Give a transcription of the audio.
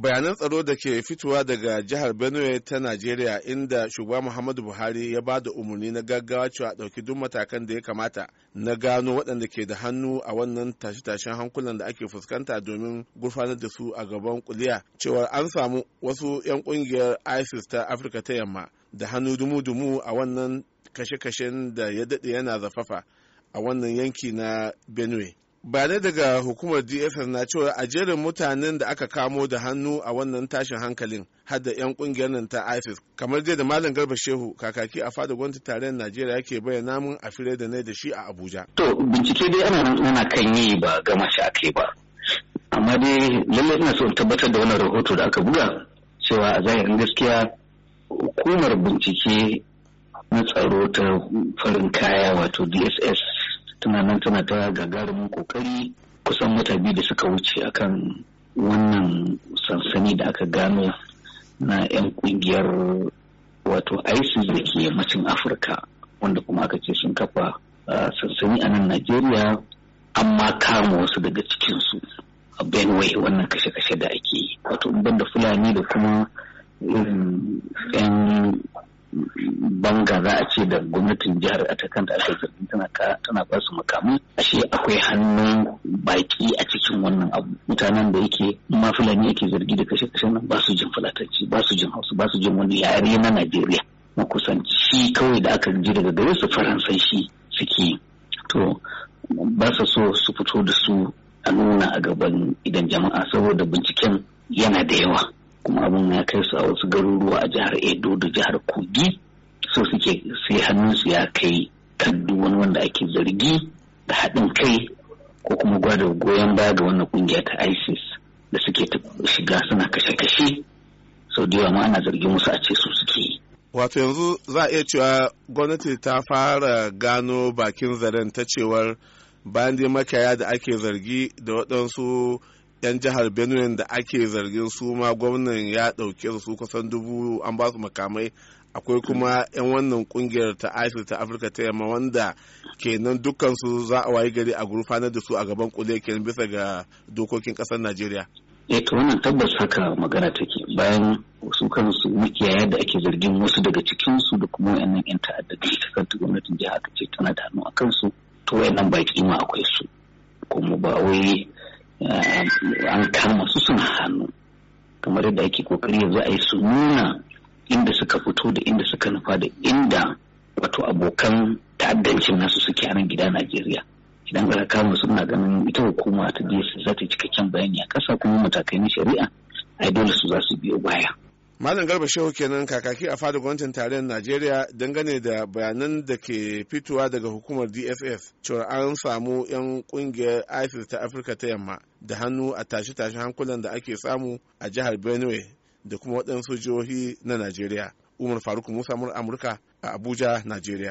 bayanan tsaro da ke fitowa daga jihar benue ta najeriya inda shugaba muhammadu buhari ya ba da umarni na gaggawa cewa ɗauki duk matakan da ya kamata na gano waɗanda ke da hannu a wannan tashe-tashen hankulan da ake fuskanta domin gurfanar da su a gaban kuliya cewar an samu wasu 'yan ƙungiyar isis ta afirka ta yamma da hannu dumu-dumu a wannan kashe-kashen da ya daɗe yana zafafa a wannan yanki na benue Ba bayanai daga hukumar dss na cewa a jerin mutanen da aka kamo da hannu a wannan tashin hankalin har 'yan kungiyar nan ta isis kamar dai da malam garba shehu kakaki a fada gwamnati tarayyar najeriya yake bayyana mun a fire da nai da shi a abuja to bincike dai ana kan yi ba gama shi ake ba amma dai lallai ina so tabbatar da wannan rahoto da aka buga cewa a zahirin gaskiya hukumar bincike na tsaro ta farin kaya wato dss tana nan tana ta gagarumin kokari kusan mata biyu da suka wuce akan wannan sansani da aka gano na 'yan kungiyar wato isis da ke yammacin afirka wanda kuma aka ce sun kafa sansani a nan najeriya amma kama wasu daga cikinsu a benway wannan kashe-kashe da ake yi wato ban fulani da kuma irin 'yan banga za a ce da gwamnatin jihar a ta kanta aka zargin tana ba su makamu ashe akwai hannun baki a cikin wannan abu mutanen da yake ma fulani yake zargi da kashe kashe nan ba su jin fulatanci ba su jin hausa ba su jin wani yare na najeriya na kusanci kawai da aka ji daga gare su faransanci suke to ba su so su fito da su a nuna a gaban idan jama'a saboda binciken yana da yawa kuma abin ya kai su a wasu garuruwa a jihar edo da jihar kogi so suke sai hannunsu ya kai kan duwani wani wanda ake zargi da haɗin kai ko kuma gwada goyon baya ga wannan kungiya ta isis da suke shiga suna kashe-kashe sau da yawa ma ana zargin musu a ce su suke yi wato yanzu za a iya cewa gwamnati ta fara gano bakin zaren ta cewar bayan da makiyaya da ake zargi da waɗansu 'yan jihar benue da ake zargin su ma gwamnan ya dauke da su kusan dubu an ba su makamai akwai kuma 'yan wannan kungiyar ta isis ta afirka ta yamma wanda kenan su za a wayi gari a gurfanar da su a gaban kule kenan bisa ga dokokin kasar najeriya eh wannan tabbas haka magana take bayan su kansu makiyaya da ake zargin wasu daga cikinsu da kuma wayannan 'yan ta'adda da kanta gwamnatin jiha ta ce tana da hannu a kansu to wayannan baki ma akwai su kuma ba wai an kama su suna hannu kamar yadda ake kokari yanzu a yi su nuna inda suka fito da inda suka nufa da inda wato abokan ta'addancin nasu suke a nan gida Najeriya idan aka kama suna ganin ita hukuma ta je su za ta cikakken bayani a ƙasa kuma matakai na shari'a ai dole su za su biyo baya Malam Garba Shehu kenan kakaki a fadar gwamnatin tarayyar Najeriya dangane da bayanan da ke fitowa daga hukumar DSS cewa an samu 'yan kungiyar ISIS ta Afirka ta yamma da hannu a tashe-tashen hankulan da ake samu a jihar Benue da kuma waɗansu jihohi na Najeriya. Umar Faruk Musa Amurka a Abuja, Najeriya.